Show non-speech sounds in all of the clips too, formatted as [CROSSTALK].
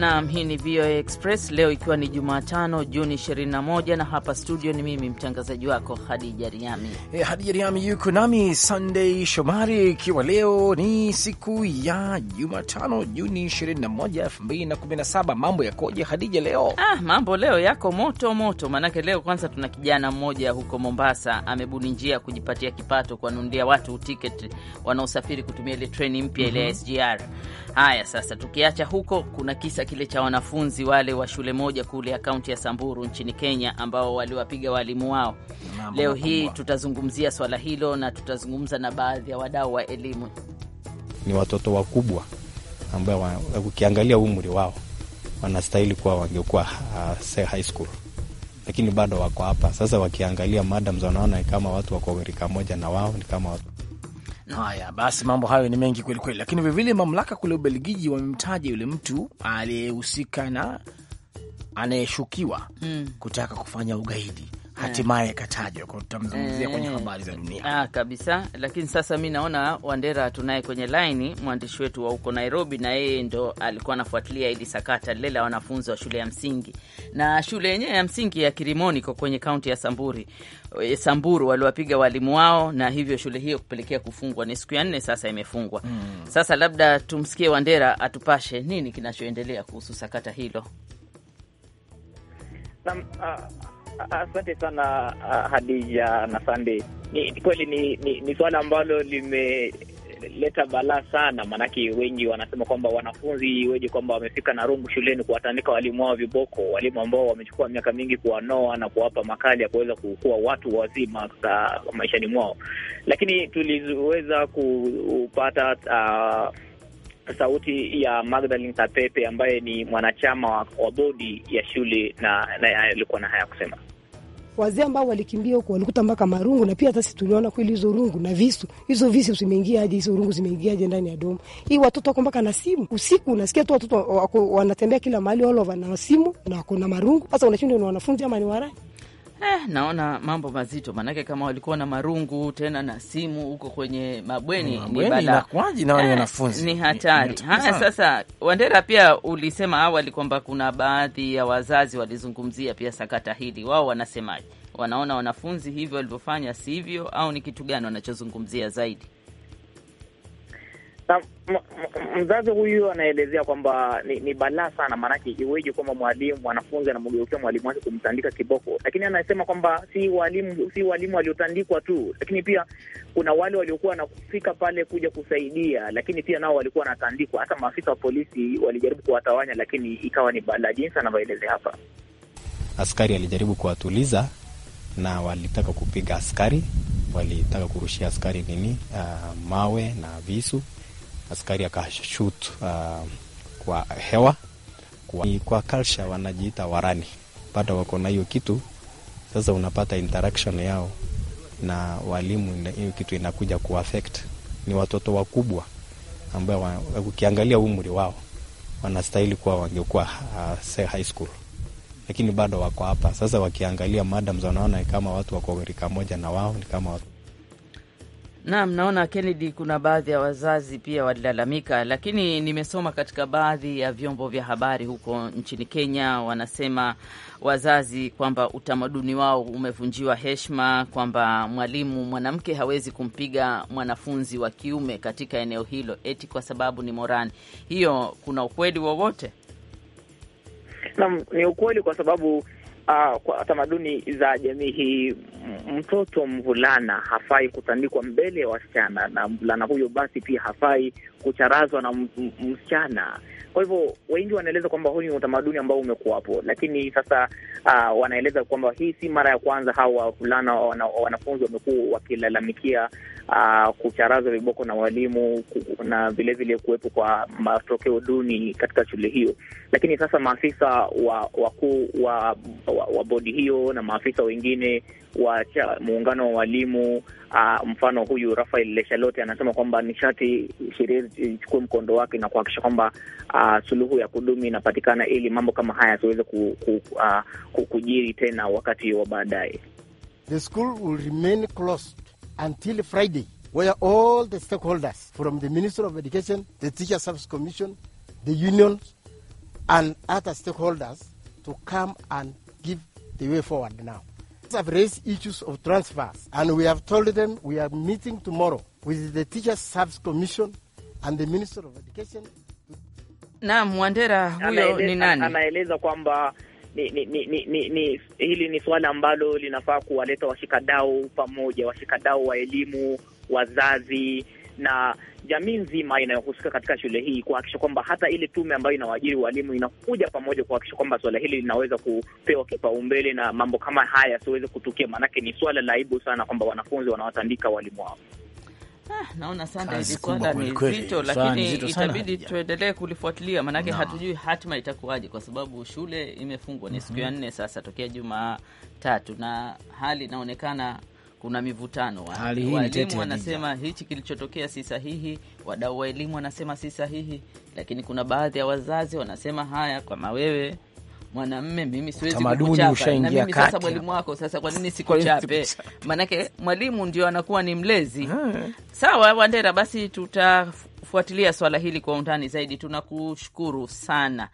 Naam, hii ni VOA Express leo ikiwa ni Jumatano Juni 21, na hapa studio ni mimi mtangazaji wako Hadija Riami. Hey, eh, Hadija Riami yuko nami Sunday Shomari, ikiwa leo ni siku ya Jumatano Juni 21, 2017. Mambo yakoje Hadija leo? Ah, mambo leo yako moto moto, maanake leo kwanza tuna kijana mmoja huko Mombasa amebuni njia ya kujipatia kipato kuwanunulia watu tiket wanaosafiri kutumia ile treni mpya ile mhm. SGR. Haya sasa, tukiacha huko kuna kisa kile cha wanafunzi wale wa shule moja kule ya kaunti ya Samburu nchini Kenya ambao waliwapiga waalimu wao. Na leo hii tutazungumzia swala hilo na tutazungumza na baadhi ya wadau wa elimu. Ni watoto wakubwa ambao wa, ukiangalia umri wao wanastahili kuwa wangekuwa uh, high school lakini bado wako hapa sasa. Wakiangalia madam wanaona kama watu wako rika moja na wao ni kama watu Haya basi, mambo hayo ni mengi kweli kweli, lakini vilevile mamlaka kule Ubelgiji wamemtaja yule mtu aliyehusika na anayeshukiwa mm. kutaka kufanya ugaidi hatimaye katajwa, kwa tutamzungumzia kwenye eh, habari za dunia. Ah, kabisa. Lakini sasa mi naona Wandera tunaye kwenye laini, mwandishi wetu wa huko Nairobi, na yeye ndo alikuwa anafuatilia hili sakata lile la wanafunzi wa shule ya msingi, na shule yenyewe ya msingi ya Kirimoni iko kwenye kaunti ya Samburi, eh, Samburu waliwapiga walimu wao, na hivyo shule hiyo kupelekea kufungwa. Ni siku ya nne sasa imefungwa. Mm. Sasa labda tumsikie Wandera atupashe nini kinachoendelea kuhusu sakata hilo. Nam, uh, ah, Asante sana ah, Hadija na Sande. Ni kweli ni, ni, ni suala ambalo limeleta balaa sana, maanake wengi wanasema kwamba wanafunzi weje kwamba wamefika na rungu shuleni kuwatandika walimu wao viboko, walimu ambao wamechukua miaka mingi kuwanoa na kuwapa makali ya kuweza kukua watu wazima sa maishani mwao, lakini tuliweza kupata uh, sauti ya Magdalene Kapepe ambaye ni mwanachama wa bodi ya shule na alikuwa na haya kusema wazee ambao walikimbia huko walikuta mpaka marungu, na pia hata sisi tuliona kweli hizo rungu na visu, hizo visu zimeingiaje, hizo rungu zimeingiaje ndani ya domo hii. Watoto wako mpaka na simu usiku, unasikia tu watoto wanatembea kila mahali, wale na simu na wako na marungu. Sasa unashindwa ni wanafunzi ama ni warai? Eh, naona mambo mazito manake, kama walikuwa na marungu tena na simu huko kwenye mabweni, mabweni ni bala eh, na ni hatari. Haya, ah, sasa Wandera, pia ulisema awali kwamba kuna baadhi ya wazazi walizungumzia pia sakata hili, wao wanasemaje? Wanaona wanafunzi hivyo walivyofanya sivyo, au ni kitu gani wanachozungumzia zaidi? mzazi huyu anaelezea kwamba ni, ni balaa sana, maanake iweje kwamba mwalimu mwanafunzi anamgeukia mwalimu wake kumtandika kiboko. Lakini anasema kwamba si walimu si walimu waliotandikwa tu, lakini pia kuna wale waliokuwa wanafika pale kuja kusaidia, lakini pia nao walikuwa wanatandikwa. Hata maafisa wa polisi walijaribu kuwatawanya, lakini ikawa ni balaa, jinsi anavyoelezea hapa. Askari alijaribu kuwatuliza na walitaka kupiga askari, walitaka kurushia askari nini, uh, mawe na visu askari akashut uh, kwa hewa kwa, kwa culture wanajiita warani, bado wako na hiyo kitu. Sasa unapata interaction yao na walimu, hiyo kitu inakuja kuaffect. Ni watoto wakubwa ambao wa, ukiangalia umri wao wanastahili kuwa wangekuwa uh, say high school, lakini bado wako hapa. Sasa wakiangalia madams wanaona kama watu wako rika moja na wao ni kama watu Naam, naona Kennedy, kuna baadhi ya wazazi pia walilalamika, lakini nimesoma katika baadhi ya vyombo vya habari huko nchini Kenya, wanasema wazazi kwamba utamaduni wao umevunjiwa heshima, kwamba mwalimu mwanamke hawezi kumpiga mwanafunzi wa kiume katika eneo hilo eti kwa sababu ni morani. Hiyo kuna ukweli wowote? Naam, ni ukweli kwa sababu uh, kwa tamaduni za jamii hii mtoto mvulana hafai kutandikwa mbele ya wasichana, na mvulana huyo basi pia hafai kucharazwa na msichana. Kwa hivyo wengi wanaeleza kwamba huu ni utamaduni ambao umekuwapo, lakini sasa uh, wanaeleza kwamba hii si mara ya kwanza hawa wavulana wanafunzi wamekuwa wakilalamikia uh, ah, kucharaza viboko na walimu na vilevile kuwepo kwa matokeo duni katika shule hiyo. Lakini sasa maafisa wakuu wa, wa, wa bodi hiyo na maafisa wengine wa muungano wa walimu uh, mfano huyu Rafael Leshalote anasema kwamba nishati sheria ichukue mkondo wake na kuhakikisha kwamba uh, suluhu ya kudumu inapatikana ili mambo kama haya yasiweze ku, ku, uh, kujiri tena wakati wa baadaye. The school will remain closed until Friday, where all the stakeholders from the Minister of Education, the Teacher Service Commission, the unions, and other stakeholders to come and give the way forward now. We have raised issues of transfers, and we have told them we are meeting tomorrow with the Teacher Service Commission and the Minister of Education. Naam, Wandera huyo ni nani? Anaeleza kwamba ni, ni, ni, ni, ni hili ni suala ambalo linafaa kuwaleta washikadau pamoja, washikadau wa elimu, wazazi na jamii nzima inayohusika katika shule hii kuhakikisha kwamba hata ile tume ambayo inawaajiri walimu inakuja pamoja kuhakikisha kwamba swala hili linaweza kupewa kipaumbele na mambo kama haya yasiweze kutukia, maanake ni swala la aibu sana kwamba wanafunzi wanawatandika walimu wao. Ah, naona sana ilikuwa ni zito, lakini itabidi tuendelee kulifuatilia, maanake no. hatujui hatima itakuwaje, kwa sababu shule imefungwa ni mm -hmm. siku ya mhm. nne sasa tokea Jumatatu, na hali inaonekana kuna mivutano. Waalimu wanasema hichi kilichotokea si sahihi, wadau wa elimu wanasema si sahihi, lakini kuna baadhi ya wazazi wanasema haya, kwa mawewe mwanamme mimi siwezi kukuchapa na mimi sasa mwalimu wako, sasa kwa nini sikuchape? Maanake mwalimu ndio anakuwa ni mlezi. Ah. Sawa Wandera, basi tutafuatilia swala hili kwa undani zaidi. Tunakushukuru sana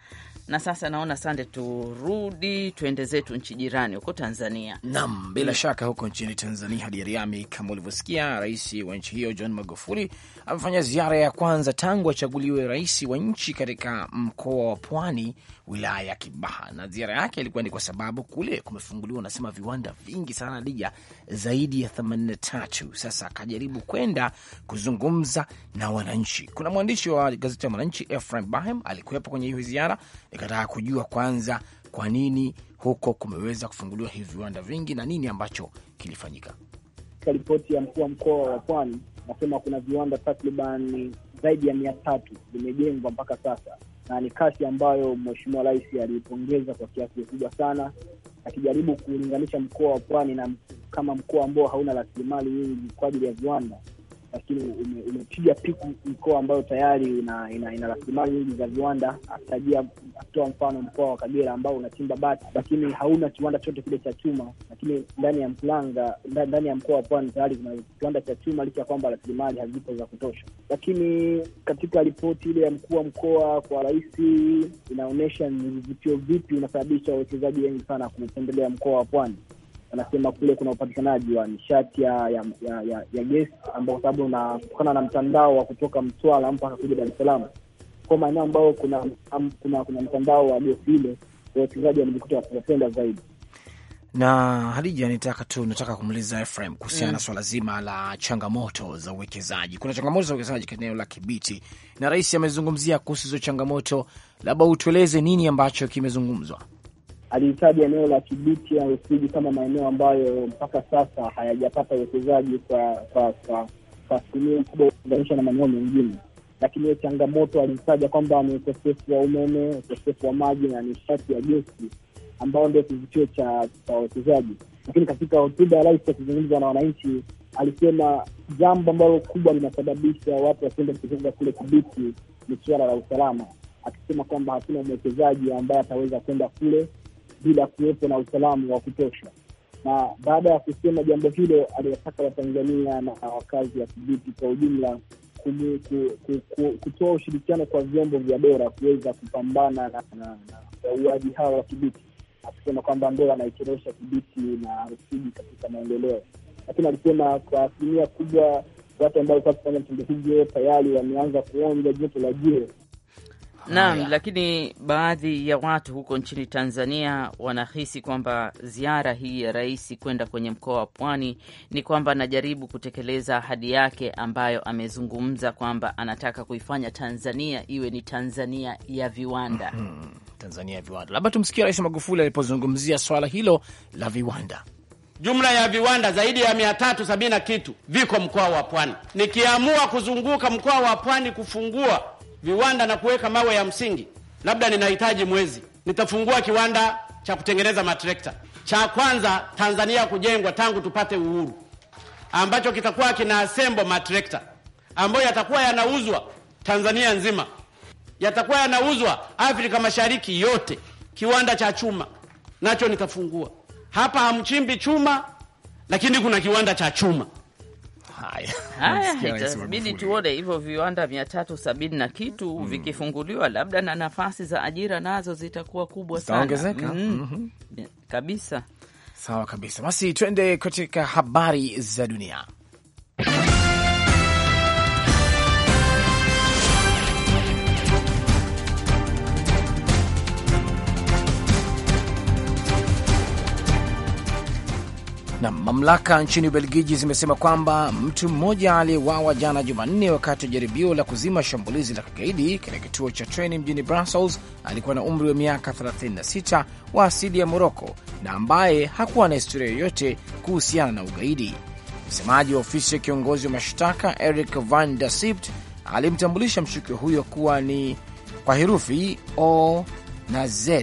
na sasa naona sande, turudi tuende zetu nchi jirani huko Tanzania. Naam, bila shaka huko nchini Tanzania, hadi Riami, kama ulivyosikia, rais wa nchi hiyo John Magufuli amefanya ziara ya kwanza tangu achaguliwe rais wa nchi katika mkoa wa Pwani, wilaya ya Kibaha, na ziara yake ilikuwa ni kwa sababu kule kumefunguliwa, unasema viwanda vingi sana dija zaidi ya 83. Sasa akajaribu kwenda kuzungumza na wananchi. Kuna mwandishi wa gazeti ya Mwananchi Efraim Bahem alikuwepo kwenye hiyo ziara nikataka kujua kwanza kwa nini huko kumeweza kufunguliwa hivi viwanda vingi na nini ambacho kilifanyika. Ripoti ya mkuu wa mkoa wa Pwani nasema kuna viwanda takriban zaidi ya mia tatu vimejengwa mpaka sasa, na ni kasi ambayo Mheshimiwa Rais aliipongeza kwa kiasi kikubwa sana, akijaribu kulinganisha mkoa wa Pwani na kama mkoa ambao hauna rasilimali nyingi kwa ajili ya viwanda lakini umepiga piku mkoa ambayo tayari ina ina, ina rasilimali nyingi za viwanda, akitajia akitoa mfano mkoa wa Kagera ambao unachimba bati, lakini hauna kiwanda chote kile cha chuma, lakini ndani ya Mkuranga, ndani ya mkoa wa Pwani tayari kuna kiwanda cha chuma, licha ya kwamba rasilimali hazipo za kutosha. Lakini katika ripoti ile ya mkuu wa mkoa kwa rais inaonyesha ni vivutio vipi unasababisha wawekezaji wengi sana kupendelea mkoa wa Pwani wanasema kule kuna upatikanaji wa nishati ya ya, ya, ya, ya gesi ambao kwa sababu unatokana na mtandao wa kutoka Mtwara mpaka kuja Dar es Salaam kwa maeneo ambayo kuna, kuna, kuna mtandao wa gesi ile, wawekezaji wamejikuta wakipenda zaidi na Hadija, nitaka tu nataka kumuuliza Efraim kuhusiana na mm, swala zima la changamoto za uwekezaji. Kuna changamoto za uwekezaji katika eneo la Kibiti na rais amezungumzia kuhusu hizo changamoto, labda utueleze nini ambacho kimezungumzwa alihitaji eneo la Kibiti au Rufiji kama maeneo ambayo mpaka sasa hayajapata uwekezaji kwa asilimia kubwa ukilinganisha na maeneo mengine. Lakini changamoto alihitaja kwamba ni ukosefu wa umeme, ukosefu wa maji na nishati ya gesi, ambayo ndio kivutio cha wawekezaji. Lakini katika hotuba ya rais akizungumza na wananchi, alisema jambo ambalo kubwa linasababisha watu wasiende kuwekeza kule Kibiti ni suala la usalama, akisema kwamba hakuna mwekezaji ambaye ataweza kwenda kule bila kuwepo na usalama wa kutosha. Na baada ya kusema jambo hilo, aliwataka Watanzania na wakazi wa Kibiti kwa ujumla kutoa ushirikiano kwa vyombo vya dola kuweza kupambana na wauaji hao wa Kibiti, akisema kwamba ndoa anaichorosha Kibiti na Rufiji katika maendeleo. Lakini alisema kwa asilimia kubwa watu ambao sasa kufanya vitendo hivyo tayari wameanza kuonja joto la jio Naam, lakini baadhi ya watu huko nchini Tanzania wanahisi kwamba ziara hii ya rais kwenda kwenye mkoa wa Pwani ni kwamba anajaribu kutekeleza ahadi yake ambayo amezungumza kwamba anataka kuifanya Tanzania iwe ni Tanzania ya viwanda. Mhm, Tanzania ya viwanda. Labda tumsikia Rais Magufuli alipozungumzia swala hilo la viwanda. Jumla ya viwanda zaidi ya mia tatu sabini na kitu viko mkoa wa Pwani. Nikiamua kuzunguka mkoa wa Pwani kufungua viwanda na kuweka mawe ya msingi, labda ninahitaji mwezi, nitafungua kiwanda cha kutengeneza matrekta cha kwanza Tanzania kujengwa tangu tupate uhuru, ambacho kitakuwa kina asembo matrekta ambayo yatakuwa yanauzwa Tanzania nzima, yatakuwa yanauzwa Afrika Mashariki yote. Kiwanda cha chuma nacho nitafungua hapa, hamchimbi chuma, lakini kuna kiwanda cha chuma haya [LAUGHS] itabidi tuone hivyo viwanda mia tatu sabini na kitu mm. vikifunguliwa, labda na nafasi za ajira nazo zitakuwa kubwa sana mm. mm -hmm. hmm. kabisa. Sawa kabisa, basi twende katika habari za dunia. Na mamlaka nchini Ubelgiji zimesema kwamba mtu mmoja aliyewawa jana Jumanne wakati wa jaribio la kuzima shambulizi la kigaidi katika kituo cha treni mjini Brussels alikuwa na umri wa miaka 36 wa asili ya Moroko na ambaye hakuwa na historia yoyote kuhusiana na ugaidi. Msemaji wa ofisi ya kiongozi wa mashtaka Eric Van Der Sipt alimtambulisha mshukiwa huyo kuwa ni kwa herufi O na Z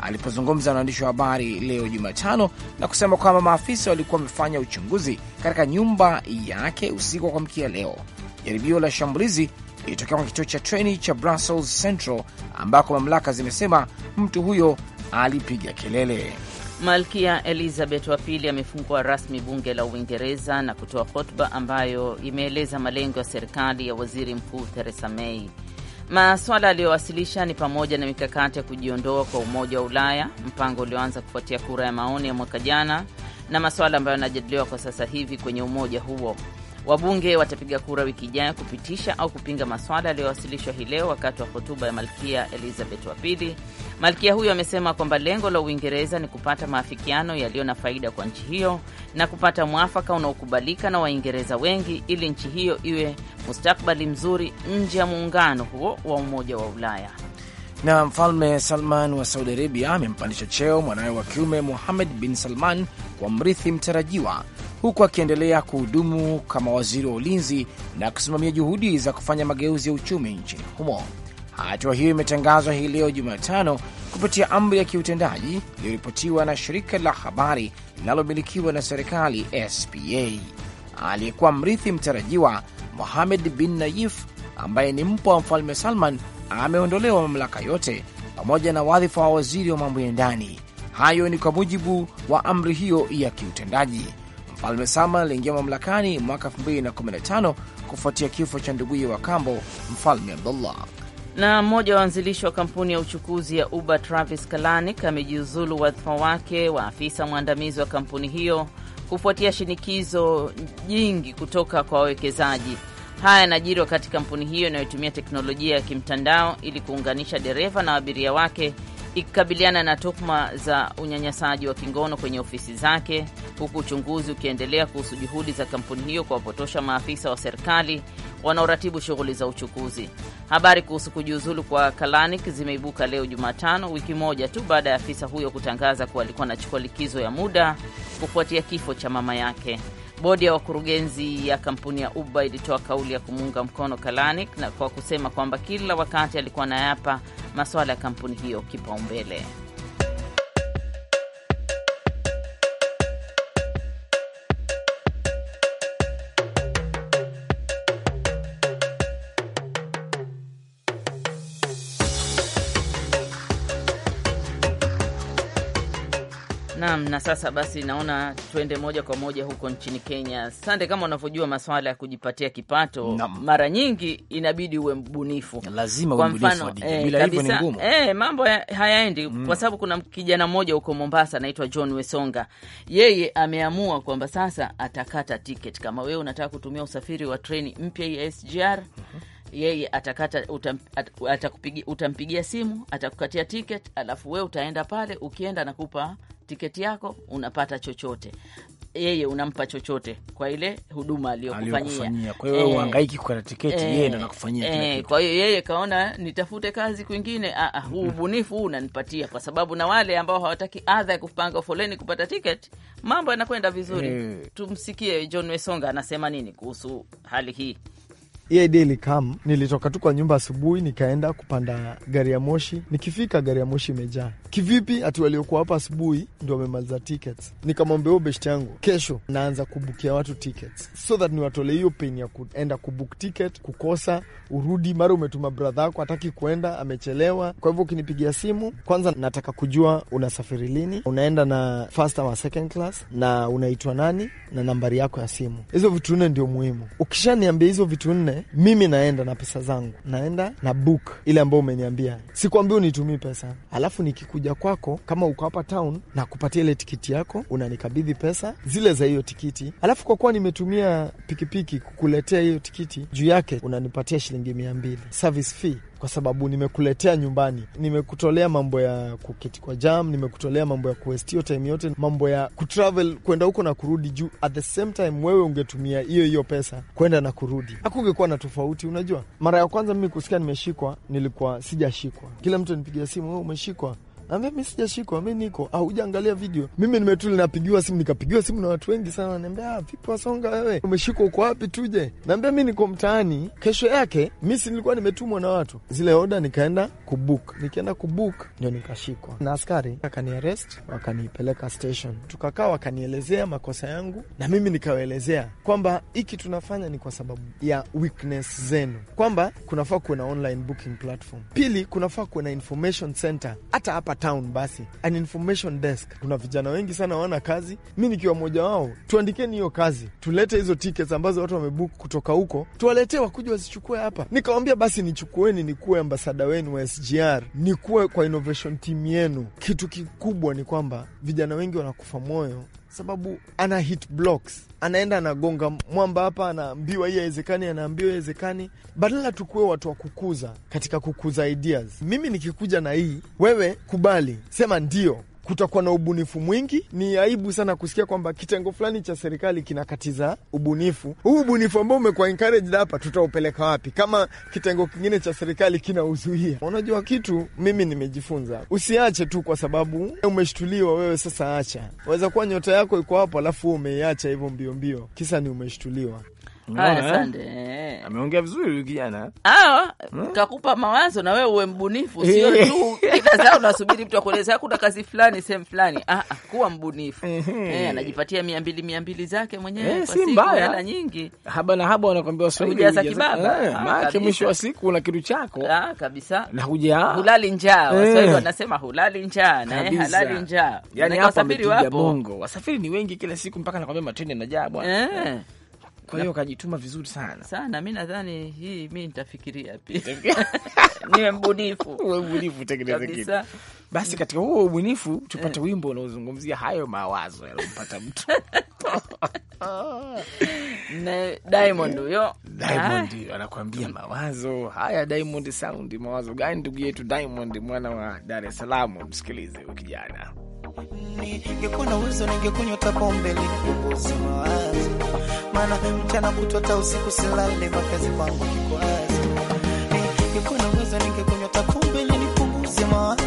alipozungumza na waandishi wa habari leo Jumatano na kusema kwamba maafisa walikuwa wamefanya uchunguzi katika nyumba yake usiku wa kuamkia leo. Jaribio la shambulizi lilitokea kwa kituo cha treni cha Brussels Central ambako mamlaka zimesema mtu huyo alipiga kelele. Malkia Elizabeth wa pili amefungua rasmi bunge la Uingereza na kutoa hotuba ambayo imeeleza malengo ya serikali ya waziri mkuu Theresa May Maswala aliyowasilisha ni pamoja na mikakati ya kujiondoa kwa Umoja wa Ulaya, mpango ulioanza kufuatia kura ya maoni ya mwaka jana, na maswala ambayo yanajadiliwa kwa sasa hivi kwenye umoja huo. Wabunge watapiga kura wiki ijayo kupitisha au kupinga maswala yaliyowasilishwa hii leo wakati wa hotuba ya Malkia Elizabeth wa pili. Malkia huyo amesema kwamba lengo la Uingereza ni kupata maafikiano yaliyo na faida kwa nchi hiyo na kupata mwafaka unaokubalika na Waingereza wengi ili nchi hiyo iwe mustakbali mzuri nje ya muungano huo wa Umoja wa Ulaya. Na Mfalme Salman wa Saudi Arabia amempandisha cheo mwanawe wa kiume Muhamed bin Salman kwa mrithi mtarajiwa huku akiendelea kuhudumu kama waziri wa ulinzi na kusimamia juhudi za kufanya mageuzi ya uchumi nchini humo. Hatua hiyo imetangazwa hii leo Jumatano kupitia amri ya kiutendaji iliyoripotiwa na shirika la habari linalomilikiwa na serikali SPA. Aliyekuwa mrithi mtarajiwa Mohamed bin Nayif, ambaye ni mpwa wa mfalme Salman, ameondolewa mamlaka yote pamoja na wadhifa wa waziri wa mambo ya ndani. Hayo ni kwa mujibu wa amri hiyo ya kiutendaji. Mfalme Sama aliingia mamlakani mwaka 2015 kufuatia kifo cha nduguye wa kambo Mfalme Abdullah. Na mmoja wa wanzilishi wa kampuni ya uchukuzi ya Uber Travis Kalanick amejiuzulu wadhifa wake wa afisa mwandamizi wa kampuni hiyo kufuatia shinikizo nyingi kutoka kwa wawekezaji. Haya yanajiri wakati kampuni hiyo inayotumia teknolojia ya kimtandao ili kuunganisha dereva na abiria wake ikikabiliana na tuhuma za unyanyasaji wa kingono kwenye ofisi zake, huku uchunguzi ukiendelea kuhusu juhudi za kampuni hiyo kuwapotosha maafisa wa serikali wanaoratibu shughuli za uchukuzi. Habari kuhusu kujiuzulu kwa Kalanik zimeibuka leo Jumatano, wiki moja tu baada ya afisa huyo kutangaza kuwa alikuwa anachukua likizo ya muda kufuatia kifo cha mama yake. Bodi ya wakurugenzi ya kampuni ya Uber ilitoa kauli ya kumuunga mkono Kalanik na kwa kusema kwamba kila wakati alikuwa nayapa masuala ya kampuni hiyo kipaumbele. Nam, na sasa basi naona tuende moja kwa moja huko nchini Kenya. Sande, kama unavyojua maswala ya kujipatia kipato Nam. mara nyingi inabidi uwe mbunifu, lazima uwe mbunifu eh, eh, mambo hayaendi mm. kwa sababu kuna kijana mmoja huko Mombasa anaitwa John Wesonga, yeye ameamua kwamba sasa atakata tiketi. Kama wewe unataka kutumia usafiri wa treni mpya ya SGR mm -hmm yeye atakata at, atakupigi, utampigia simu atakukatia tiketi, alafu we utaenda pale, ukienda nakupa tiketi yako, unapata chochote yeye unampa chochote kwa ile huduma aliyokufanyia. Kwa hiyo eh. uhangaiki kukata tiketi, yeye eh. ndo anakufanyia eh, Kwa hiyo yeye kaona nitafute kazi kwingine, ah, ah, huu ubunifu huu unanipatia, kwa sababu na wale ambao hawataki adha ya kupanga foleni kupata tiketi, mambo yanakwenda vizuri. Tumsikie John Wesonga anasema nini kuhusu hali hii. Hiyo idea ilikam, nilitoka tu kwa nyumba asubuhi, nikaenda kupanda gari ya moshi. Nikifika gari ya moshi imejaa, Kivipi? Ati waliokuwa hapa asubuhi ndio wamemaliza tickets. Nikamwambia huyo best yangu, kesho naanza kubukia watu tickets so that niwatole hiyo pain ya kuenda kubook ticket, kukosa urudi, mara umetuma bradha yako hataki kuenda, amechelewa. Kwa hivyo ukinipigia simu, kwanza nataka kujua unasafiri lini, unaenda na first ama second class, na unaitwa nani na nambari yako ya simu. Hizo vitu nne ndio muhimu. Ukishaniambia hizo vitu nne, mimi naenda na pesa zangu, naenda na book ile ambayo umeniambia. sikuambia unitumii pesa, alafu nikiku kuja kwako, kama uko hapa town, na kupatia ile tikiti yako, unanikabidhi pesa zile za hiyo tikiti, alafu kwa kuwa nimetumia pikipiki kukuletea hiyo tikiti, juu yake unanipatia shilingi mia mbili service fee kwa sababu nimekuletea nyumbani, nimekutolea mambo ya kuketi kwa jam, nimekutolea mambo ya kuwestio time yote, mambo ya kutravel kwenda huko na kurudi, juu at the same time wewe ungetumia hiyo hiyo pesa kwenda na kurudi, hakungekuwa na tofauti. Unajua, mara ya kwanza mimi kusikia nimeshikwa, nilikuwa sijashikwa, kila mtu nipigia simu, wewe umeshikwa Ambia mimi sijashikwa, mimi niko au ah, hujaangalia video. Mimi nimetuli napigiwa simu, nikapigiwa simu na watu wengi sana, wananiambia ah, vipi Wasonga wewe umeshikwa, uko wapi tuje? Naambia mimi niko mtaani. Kesho yake mimi si nilikuwa nimetumwa na watu zile oda, nikaenda kubook, nikienda kubook ndio nikashikwa na askari, akaniarrest wakanipeleka station, tukakaa, wakanielezea makosa yangu na mimi nikawaelezea kwamba hiki tunafanya ni kwa sababu ya weakness zenu, kwamba kunafaa kuwe na online booking platform, pili kunafaa kuwe na information center hata hapa town basi an information desk. Kuna vijana wengi sana hawana kazi, mi nikiwa mmoja wao. Tuandikeni hiyo kazi, tulete hizo tickets ambazo watu wamebuk kutoka huko, tuwaletee wakuja wazichukue hapa. Nikawambia basi nichukueni, nikuwe ambasada wenu wa SGR, nikuwe kwa innovation team yenu. Kitu kikubwa ni kwamba vijana wengi wanakufa moyo sababu ana hit blocks, anaenda anagonga mwamba hapa, anaambiwa hii haiwezekani, anaambiwa haiwezekani. Badala tukuwe watu wa kukuza katika kukuza ideas. Mimi nikikuja na hii, wewe kubali, sema ndio, kutakuwa na ubunifu mwingi. Ni aibu sana kusikia kwamba kitengo fulani cha serikali kinakatiza ubunifu huu. Ubunifu ambao umekuwa encouraged hapa, tutaupeleka wapi kama kitengo kingine cha serikali kinauzuia? Unajua kitu, mimi nimejifunza, usiache tu kwa sababu umeshtuliwa wewe. Sasa acha, waweza kuwa nyota yako iko hapo, alafu umeiacha hivyo mbio mbio, kisa ni umeshtuliwa. Eh? Ameongea vizuri huyu kijana. Ah, hmm? takupa mawazo na wewe uwe mbunifu, sio eh. tu kila saa unasubiri mtu akueleze kuna kazi fulani sehemu fulani. Ah, ah kuwa mbunifu. Eh, anajipatia mia mbili zake mwenyewe eh, kwa siku hela nyingi. Haba na haba wanakwambia Waswahili. Hujaza kibaba. Ah, maana mwisho wa siku una kitu chako. Ah, kabisa. Na huja. Hulali njaa. Waswahili wanasema hulali njaa na halali njaa. yani hapa wasafiri wapo. Wasafiri ni wengi kila siku mpaka nakwambia matende yanajaa bwana. Kwa hiyo akajituma vizuri sana sana. Mi nadhani hii mi nitafikiria pia [LAUGHS] niwe mbunifu, mbunifu, tengeneze kitu basi. Katika huo ubunifu tupate wimbo unaozungumzia hayo mawazo yalompata mtu [LAUGHS] Diamond huyo, Diamond ah. anakuambia mawazo haya. Diamond Sound, mawazo gani ndugu yetu Diamond, mwana wa Dar es Salaam? Msikilize huyo kijana mtaani. Ningekuwa na uwezo ningekunywa kapombe likupunguze mawazo, maana mchana kutwa hata usiku silale, makazi kwangu kikwazo. Ningekuwa na uwezo ningekunywa kapombe linipunguze mawazo,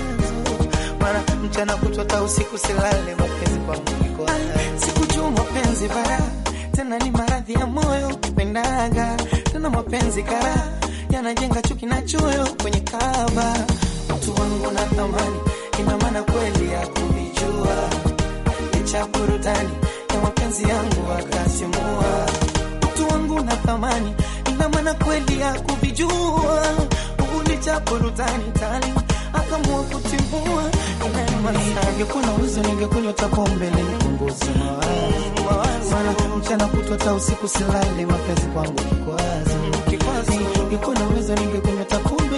maana mchana kutwa hata usiku silale, makazi kwangu kikwazo. Sikujua mapenzi bara tena ni maradhi ya moyo kupendaga tena mapenzi kara yanajenga chuki na choyo kwenye kaba watu wangu na thamani ina maana kweli ya najua licha burudani ya mapenzi yangu akasimua mtu wangu na thamani na maana kweli ya kuvijua ulicha burudani tali akamua kutimbua ingekuwa uwezo ningekunywa ta pombe nipunguze mawazo, mana mchana kutwa ta usiku silale, mapenzi kwangu kikwazo. Ingekuwa na uwezo ningekunywa ta pombe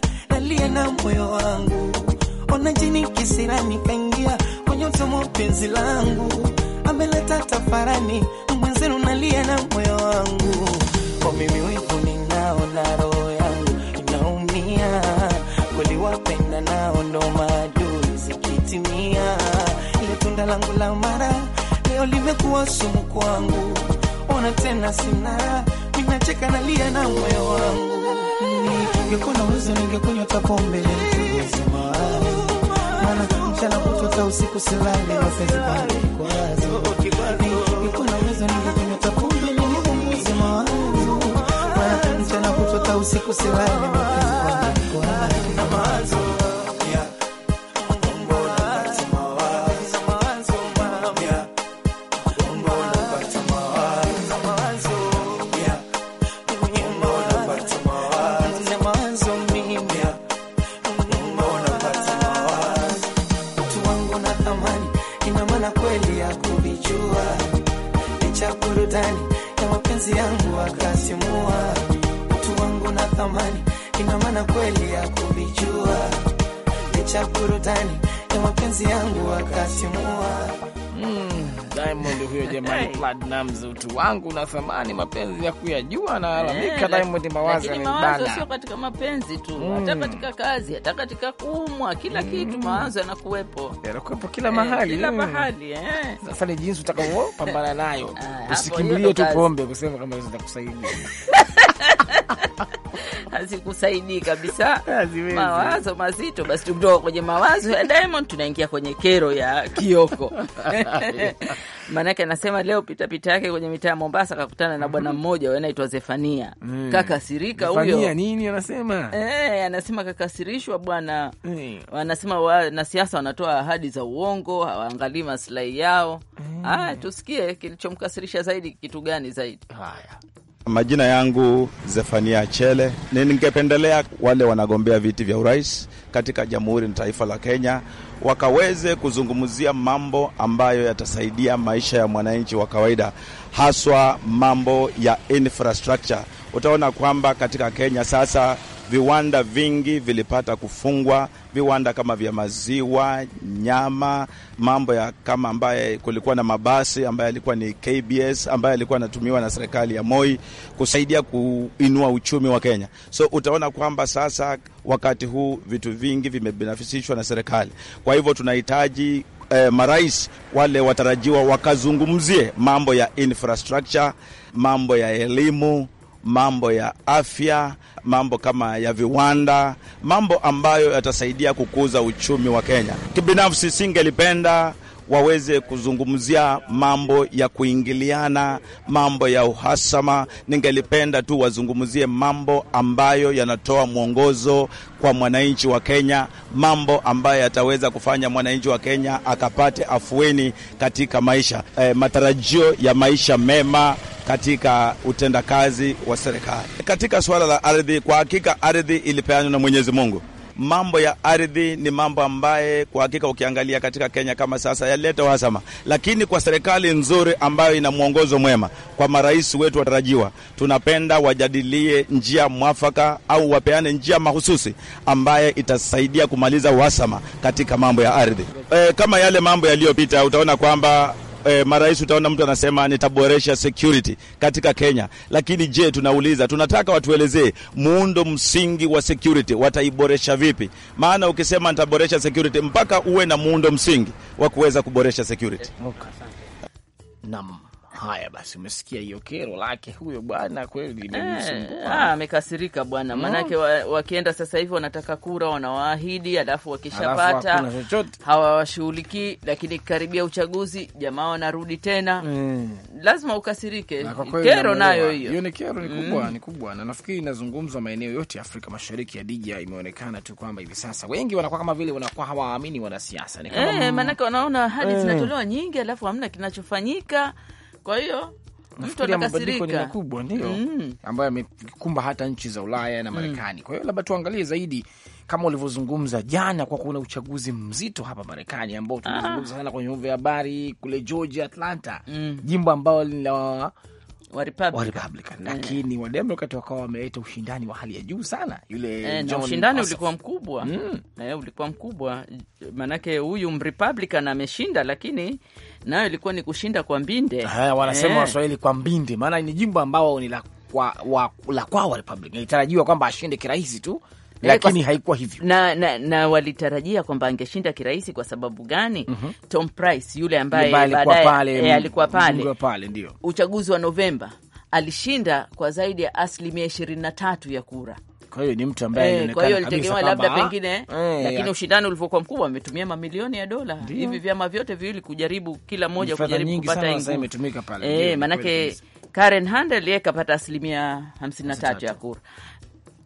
na moyo wangu, ona jini kisirani kaingia kwenye utomo penzi langu, ameleta tafarani mwenzenu nalia na moyo wangu, kwa mimi wivu ninao na roho yangu inaumia, kuliwapenda nao ndo maadui zikitimia, ile tunda langu la mara leo limekuwa sumu kwangu, ona tena sinara ninacheka nalia na moyo wangu. Ningekuwa na uwezo ningekunywa hata pombe zima, maana mchana kutwa hata usiku silali, mapenzi bado kwazo. Ningekuwa na uwezo ningekunywa hata pombe zima, maana mchana kutwa hata usiku silali, mapenzi bado kwazo thamani, ina maana kweli ya kuvichua licha kurudani ya mapenzi yangu wakati mua mm, Diamond huyo jamani, Platinumz, utu wangu na thamani, mapenzi ya kuyajua na eh, alamika. Diamond mawazo ni yanibana, sio katika mapenzi tu mm. hata katika kazi, hata katika kuumwa, kila mm. kitu mawazo yanakuwepo, yanakuwepo kila eh, mahali, kila mahali. Eh. Sasa ni jinsi utakavyopambana nayo, ah, usikimbilie tu pombe kusema kama hizo zitakusaidia [LAUGHS] [LAUGHS] hazikusaidii kabisa, mawazo mazito. Basi tukitoka kwenye mawazo ya Diamond tunaingia kwenye kero ya Kioko [LAUGHS] maanake anasema leo pitapita yake kwenye mitaa ya Mombasa akakutana na bwana mmoja anaitwa Zefania mm. kakasirika huyo nini anasema e, anasema kakasirishwa bwana mm. anasema wanasiasa wanatoa ahadi za uongo, hawaangalii maslahi yao mm. Eh. Aya, tusikie kilichomkasirisha zaidi, kitu gani zaidi? Haya. Majina yangu Zefania Chele. Ningependelea wale wanagombea viti vya urais katika jamhuri na taifa la Kenya wakaweze kuzungumzia mambo ambayo yatasaidia maisha ya mwananchi wa kawaida, haswa mambo ya infrastructure. Utaona kwamba katika Kenya sasa Viwanda vingi vilipata kufungwa, viwanda kama vya maziwa, nyama, mambo ya kama ambaye kulikuwa na mabasi ambaye alikuwa ni KBS ambaye alikuwa anatumiwa na serikali ya Moi kusaidia kuinua uchumi wa Kenya. So utaona kwamba sasa wakati huu vitu vingi vimebinafisishwa na serikali, kwa hivyo tunahitaji Eh, marais wale watarajiwa wakazungumzie mambo ya infrastructure, mambo ya elimu, mambo ya afya mambo kama ya viwanda, mambo ambayo yatasaidia kukuza uchumi wa Kenya. Kibinafsi singelipenda waweze kuzungumzia mambo ya kuingiliana, mambo ya uhasama. Ningelipenda tu wazungumzie mambo ambayo yanatoa mwongozo kwa mwananchi wa Kenya, mambo ambayo yataweza kufanya mwananchi wa Kenya akapate afueni katika maisha, e, matarajio ya maisha mema katika utendakazi wa serikali. Katika suala la ardhi, kwa hakika ardhi ilipeanwa na Mwenyezi Mungu mambo ya ardhi ni mambo ambaye kwa hakika ukiangalia katika Kenya kama sasa yaleta uhasama, lakini kwa serikali nzuri ambayo ina mwongozo mwema, kwa marais wetu watarajiwa, tunapenda wajadilie njia mwafaka au wapeane njia mahususi ambaye itasaidia kumaliza uhasama katika mambo ya ardhi. E, kama yale mambo yaliyopita utaona kwamba eh, marais utaona mtu anasema nitaboresha security katika Kenya, lakini je, tunauliza tunataka watuelezee muundo msingi wa security wataiboresha vipi? Maana ukisema nitaboresha security mpaka uwe na muundo msingi wa kuweza kuboresha security. Okay. Naam. Haya basi, umesikia hiyo kero lake huyo bwana, kweli eh, ah, amekasirika bwana mm. Maanake wakienda sasa hivi wanataka kura, wanawaahidi alafu wakishapata hawawashughulikii, lakini karibia uchaguzi jamaa wanarudi tena mm. Lazima ukasirike na kero nayo hiyo hiyo, ni kero ni kubwa mm. ni kubwa, na nafikiri inazungumzwa maeneo yote ya Afrika Mashariki ya dija. Imeonekana tu kwamba hivi sasa wengi wanakuwa kama vile wanakuwa hawaamini wanasiasa, ni kama eh, mm. maanake wanaona ahadi eh. zinatolewa nyingi alafu hamna kinachofanyika. Kwa hiyo mtu ni makubwa ndio mm, ambayo amekumba hata nchi za Ulaya na mm. Marekani mm. Kwa hiyo labda tuangalie zaidi kama ulivyozungumza jana, kwa kuna uchaguzi mzito hapa Marekani ambao tumezungumza ah. sana kwenye vyombo vya habari kule Georgia, Atlanta mm, jimbo ambalo lina wa Republican, eh. lakini wa wakawa wameleta ushindani wa hali ya juu sana. Yule e, John ushindani ulikuwa mkubwa mm. Eh, ulikuwa mkubwa maanake huyu Republican ameshinda, lakini nayo ilikuwa ni kushinda kwa mbinde. Haya, wanasema Waswahili kwa mbinde, maana ni jimbo ambao ni la kwa, wa, la kwa wa Republican. Ilitarajiwa kwamba ashinde kirahisi tu lakini haikuwa hivyo na, na, na walitarajia kwamba angeshinda kirahisi. Kwa sababu gani? mm -hmm. Tom Price yule ambaye baadaye eh, alikuwa pale, e, pale ndio uchaguzi wa Novemba alishinda kwa zaidi ya asilimia ishirini na tatu ya kura kwa hiyo ni mtu ambaye eh, kwa hiyo alitegemewa labda pengine hey, eh, lakini ya. ushindani ulivyokuwa mkubwa ametumia mamilioni ya dola hivi vyama vyote viwili kujaribu kila moja kujaribu kupata imetumika pale e, manake Karen Handel yeye kapata asilimia hamsini na tatu ya kura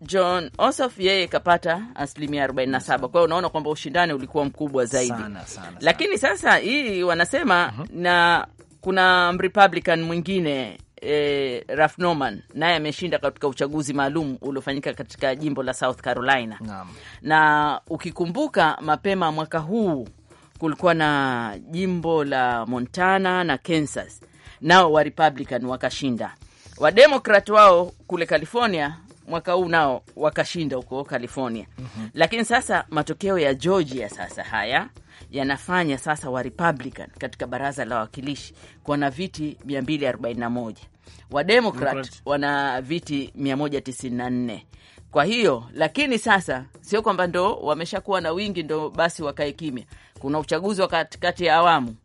John Ossoff yeye kapata asilimia 47. Kwa hiyo unaona kwamba ushindani ulikuwa mkubwa zaidi sana, sana, lakini Sasa hii wanasema uh mhm. -huh. na kuna Republican mwingine E, Ralph Norman naye ameshinda katika uchaguzi maalum uliofanyika katika jimbo la South Carolina Naam. Na ukikumbuka mapema mwaka huu kulikuwa na jimbo la Montana na Kansas, nao wa Republican wakashinda. Wademokrat wao kule California mwaka huu nao wakashinda huko California. mm -hmm. Lakini sasa matokeo ya Georgia sasa haya yanafanya sasa wa Republican katika baraza la wawakilishi kuwa na viti 241 Wademokrat wana viti 194 kwa hiyo lakini sasa sio kwamba ndo wameshakuwa na wingi ndo basi wakae kimya. Kuna uchaguzi wa katikati ya awamu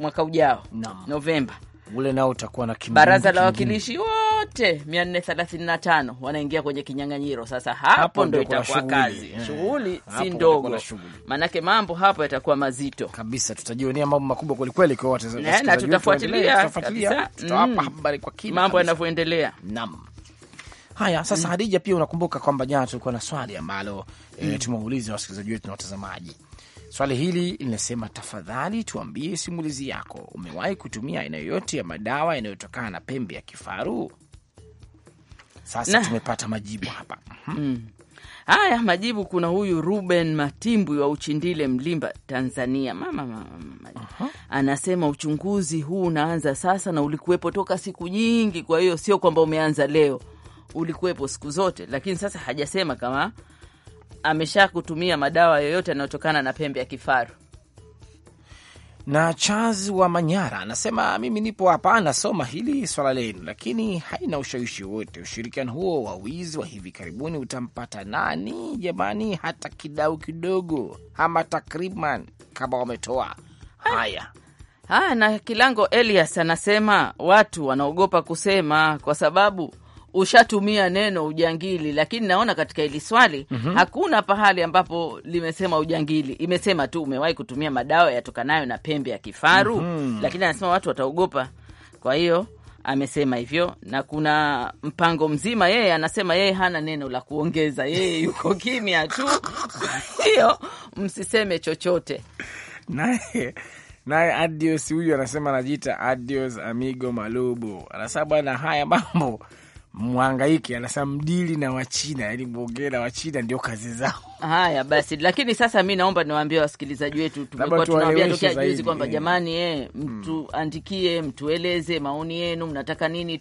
mwaka ujao no. Novemba ule nao utakuwa na baraza la wawakilishi oh, wote 435 wanaingia kwenye kinyang'anyiro. Sasa hapo, hapo ndo itakuwa kazi, yeah. shughuli si ndogo, maanake mambo hapo yatakuwa mazito kabisa. Tutajionea mambo makubwa kwelikweli, na tutafuatilia tutawapa mm. habari kwa kina mambo yanavyoendelea. Naam. Haya sasa, mm. Hadija, pia unakumbuka kwamba jana tulikuwa na swali ambalo eh, mm. e, tumeuliza wasikilizaji wetu na watazamaji. Swali hili linasema, tafadhali tuambie simulizi yako, umewahi kutumia aina yoyote ya madawa yanayotokana na pembe ya kifaru? Sasa na, tumepata majibu hapa mhm. mm. Haya majibu, kuna huyu Ruben Matimbwi wa Uchindile, Mlimba, Tanzania. Mama, mama, mama. Uh -huh. Anasema uchunguzi huu unaanza sasa na ulikuwepo toka siku nyingi, kwa hiyo sio kwamba umeanza leo, ulikuwepo siku zote, lakini sasa hajasema kama amesha kutumia madawa yoyote yanayotokana na pembe ya kifaru. Na Charles wa Manyara anasema mimi nipo hapa nasoma hili swala lenu, lakini haina ushawishi wote. Ushirikiano huo wa wizi wa hivi karibuni utampata nani jamani? Hata kidau kidogo ama takriban kama wametoa haya Ha, Na Kilango Elias anasema watu wanaogopa kusema kwa sababu ushatumia neno ujangili, lakini naona katika hili swali mm -hmm. hakuna pahali ambapo limesema ujangili, imesema tu umewahi kutumia madawa yatokanayo na pembe ya kifaru mm -hmm. lakini anasema watu wataogopa, kwa hiyo amesema hivyo, na kuna mpango mzima. Yeye anasema yeye hana neno la kuongeza, yeye yuko kimya tu, [LAUGHS] hiyo msiseme chochote naye naye Adios huyu anasema anajiita Adios Amigo Malubu, anasema bwana, haya mambo mwangaiki anasema mdili na Wachina, yani mwongee na Wachina ndio kazi zao. Haya basi, lakini sasa mi naomba niwaambie wasikilizaji wetu, tumekuwa tunawaambia tokea juzi kwamba jamani, eh, mtuandikie, mm. mtueleze maoni yenu, mnataka nini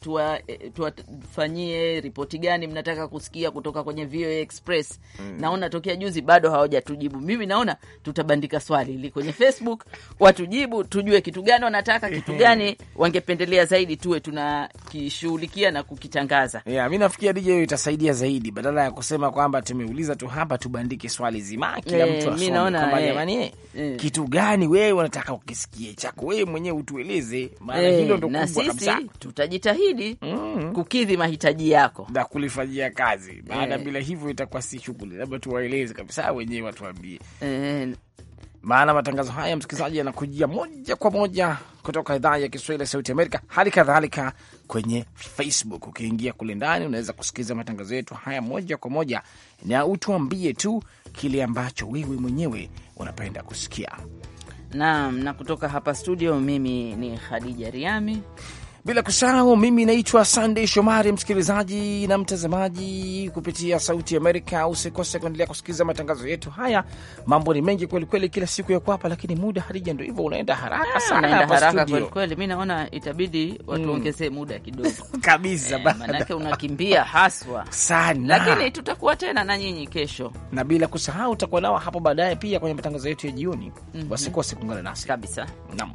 eh, tuwafanyie, tuwa ripoti gani mnataka kusikia kutoka kwenye VOA Express. Mm. Naona tokea juzi bado hawajatujibu. Mimi naona tutabandika swali hili kwenye Facebook, watujibu, tujue kitu gani wanataka, kitu [LAUGHS] gani wangependelea zaidi tuwe tunakishughulikia na kukitangaza. Yeah, mi nafikia DJ itasaidia zaidi, badala ya kusema kwamba tumeuliza tu hapa tu aandike swali zima, kila eh, mtu asome kwamba eh, jamani, eh, kitu gani wewe unataka ukisikie chako wewe mwenyewe utueleze, maana hilo ndo kubwa kabisa. Tutajitahidi mm, kukidhi mahitaji yako na kulifanyia kazi, maana bila hivyo itakuwa si shughuli. Labda tuwaeleze kabisa wenyewe, watuambie maana matangazo haya msikilizaji, yanakujia moja kwa moja kutoka idhaa ya Kiswahili ya Sauti Amerika, hali kadhalika kwenye Facebook. Ukiingia kule ndani, unaweza kusikiliza matangazo yetu haya moja kwa moja, na utuambie tu kile ambacho wewe mwenyewe unapenda kusikia. Naam, na kutoka hapa studio, mimi ni Khadija Riami bila kusahau, mimi naitwa Sandey Shomari, msikilizaji na mtazamaji kupitia Sauti Amerika. Usikose kuendelea kusikiliza matangazo yetu haya. Mambo ni mengi kwelikweli kila siku ya kwapa, lakini muda harija ndo hivyo unaenda haraka ah, sana haraka kwelikweli. Mi naona itabidi watuongezee mm, muda kidogo [LAUGHS] kabisa eh, manake unakimbia haswa sana, lakini tutakuwa tena na nyinyi kesho, na bila kusahau utakuwa nao hapo baadaye pia kwenye matangazo yetu ya jioni. mm -hmm. Wasikose kuungana nasi kabisa, nam